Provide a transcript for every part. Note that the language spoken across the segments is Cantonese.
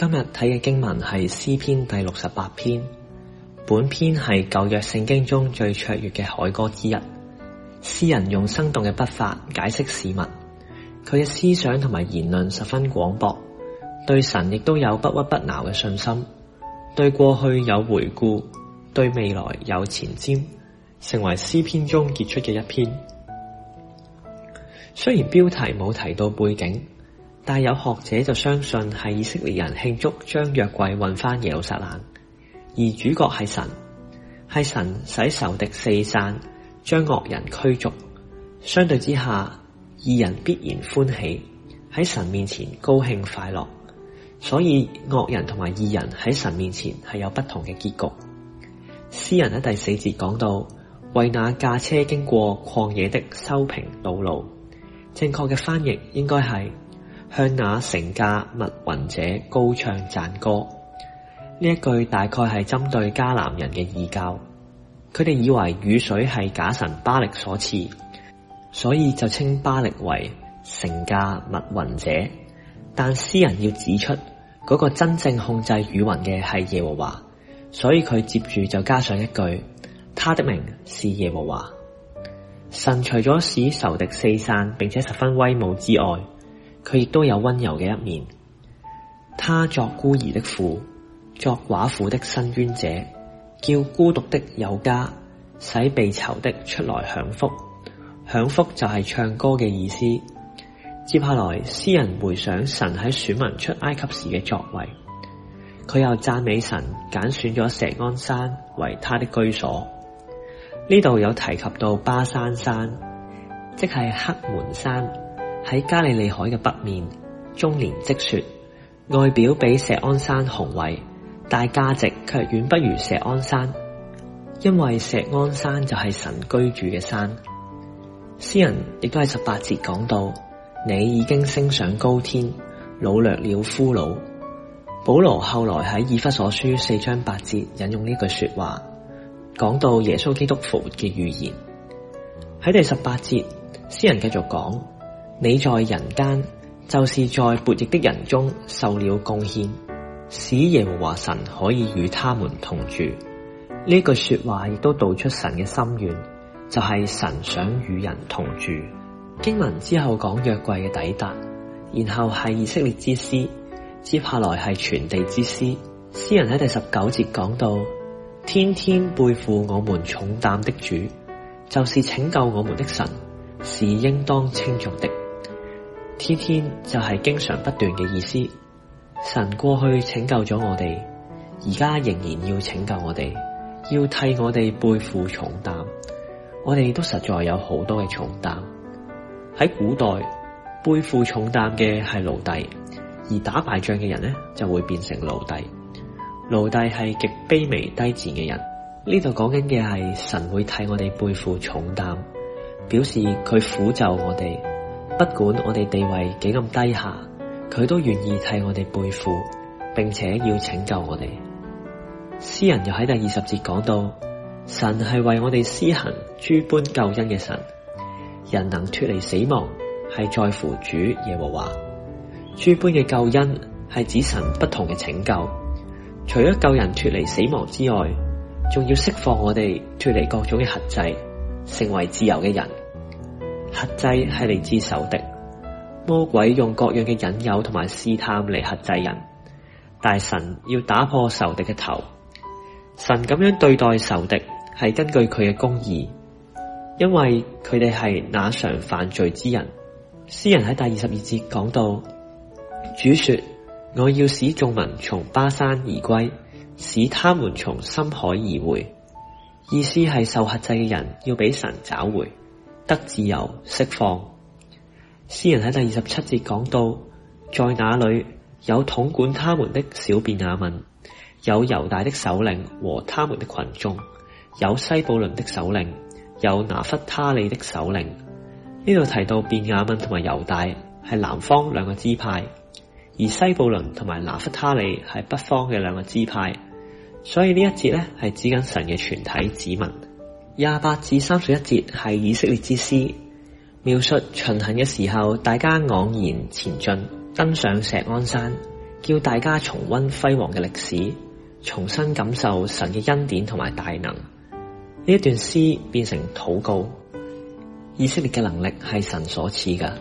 今日睇嘅經文係詩篇第六十八篇，本篇係舊約聖經中最卓越嘅凱歌之一。詩人用生動嘅筆法解釋事物，佢嘅思想同埋言論十分廣博，對神亦都有不屈不撓嘅信心，對過去有回顧，對未來有前瞻，成為詩篇中傑出嘅一篇。雖然標題冇提到背景。但有學者就相信係以色列人慶祝將約櫃運翻耶路撒冷，而主角係神，係神使仇敵四散，將惡人驅逐。相對之下，義人必然歡喜喺神面前高興快樂。所以惡人同埋義人喺神面前係有不同嘅結局。詩人喺第四節講到，為那駕車經過曠野的修平道路，正確嘅翻譯應該係。向那成駕密雲者高唱讚歌。呢一句大概係針對迦南人嘅異教，佢哋以為雨水係假神巴力所賜，所以就稱巴力為成駕密雲者。但詩人要指出嗰、那個真正控制雨雲嘅係耶和華，所以佢接住就加上一句：他的名是耶和華。神除咗使仇敵四散，並且十分威武之外，佢亦都有温柔嘅一面。他作孤兒的父，作寡婦的伸冤者，叫孤獨的有家，使被囚的出來享福。享福就係唱歌嘅意思。接下來，詩人回想神喺選民出埃及時嘅作為，佢又讚美神揀選咗錫安山為他的居所。呢度有提及到巴珊山，即係黑門山。喺加利利海嘅北面，終年積雪，外表比錫安山雄偉，但價值卻遠不如錫安山，因為錫安山就係神居住嘅山。詩人亦都喺十八節講到，你已經升上高天，擄掠了俘虜。保羅後來喺以弗所書四章八節引用呢句說話，講到耶穌基督復活嘅預言。喺第十八節，詩人繼續講。你在人間，就是在悖逆的人中受了供獻，使耶和華神可以與他們同住。呢句說話亦都道出神嘅心願，就係、是、神想與人同住。經文之後講約櫃嘅抵達，然後係以色列之詩，接下來係全地之詩。詩人喺第十九節講到：天天背負我們重擔的主，就是拯救我們的神，是應當稱頌的。天天就係經常不斷嘅意思，神過去拯救咗我哋，而家仍然要拯救我哋，要替我哋背負重擔，我哋都實在有好多嘅重擔。喺古代背負重擔嘅係奴隸，而打敗仗嘅人呢，就會變成奴隸。奴隸係極卑微低賤嘅人，呢度講緊嘅係神會替我哋背負重擔，表示佢苦咒我哋。不管我哋地位幾咁低下，佢都願意替我哋背負，並且要拯救我哋。詩人又喺第二十節講到：神係為我哋施行諸般救恩嘅神，人能脫離死亡係在乎主耶和華。諸般嘅救恩係指神不同嘅拯救，除咗救人脫離死亡之外，仲要釋放我哋脫離各種嘅轄制，成為自由嘅人。轄制係嚟自仇敵，魔鬼用各樣嘅引誘同埋試探嚟轄制人，大神要打破仇敵嘅頭。神咁樣對待仇敵，係根據佢嘅公義，因為佢哋係那常犯罪之人。詩人喺第二十二節講到，主說：我要使眾民從巴珊而歸，使他們從深海而回。意思係受轄制嘅人要俾神找回。得自由釋放。詩人喺第二十七節講到，在那裏有統管他們的小便雅憫，有猶大的首領和他們的群眾，有西布倫的首領，有拿弗他利的首領。呢度提到便雅憫同埋猶大係南方兩個支派，而西布倫同埋拿弗他利係北方嘅兩個支派。所以呢一節呢，係指緊神嘅全體子民。廿八至三十一節係以色列之詩，描述巡行嘅時候，大家昂然前進，登上錫安山，叫大家重温輝煌嘅歷史，重新感受神嘅恩典同埋大能。呢一段詩變成禱告，以色列嘅能力係神所賜噶。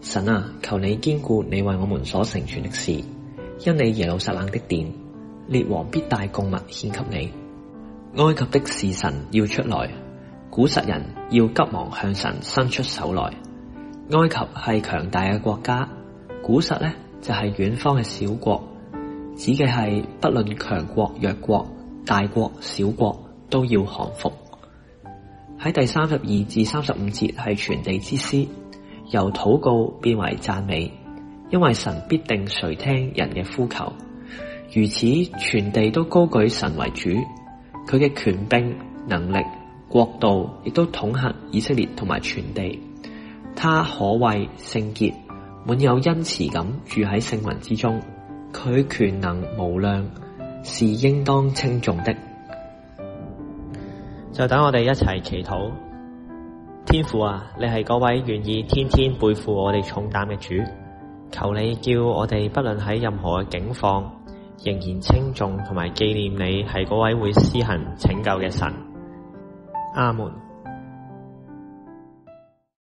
神啊，求你堅固你為我們所成全的事，因你耶路撒冷的殿，列王必帶貢物獻給你。埃及的時神要出來，古實人要急忙向神伸出手來。埃及係強大嘅國家，古實咧就係遠方嘅小國。指嘅係不論強國弱國、大國小國都要降服。喺第三十二至三十五節係全地之詩，由禱告變為讚美，因為神必定垂聽人嘅呼求。如此，全地都高舉神為主。佢嘅權柄、能力國度，亦都統合以色列同埋全地。他可畏聖潔，滿有恩慈咁住喺聖民之中。佢權能無量，是應當稱頌的。就等我哋一齊祈禱，天父啊，你係嗰位願意天天背負我哋重擔嘅主，求你叫我哋不論喺任何嘅境況。仍然稱頌同埋紀念你，係嗰位會施行拯救嘅神。阿門。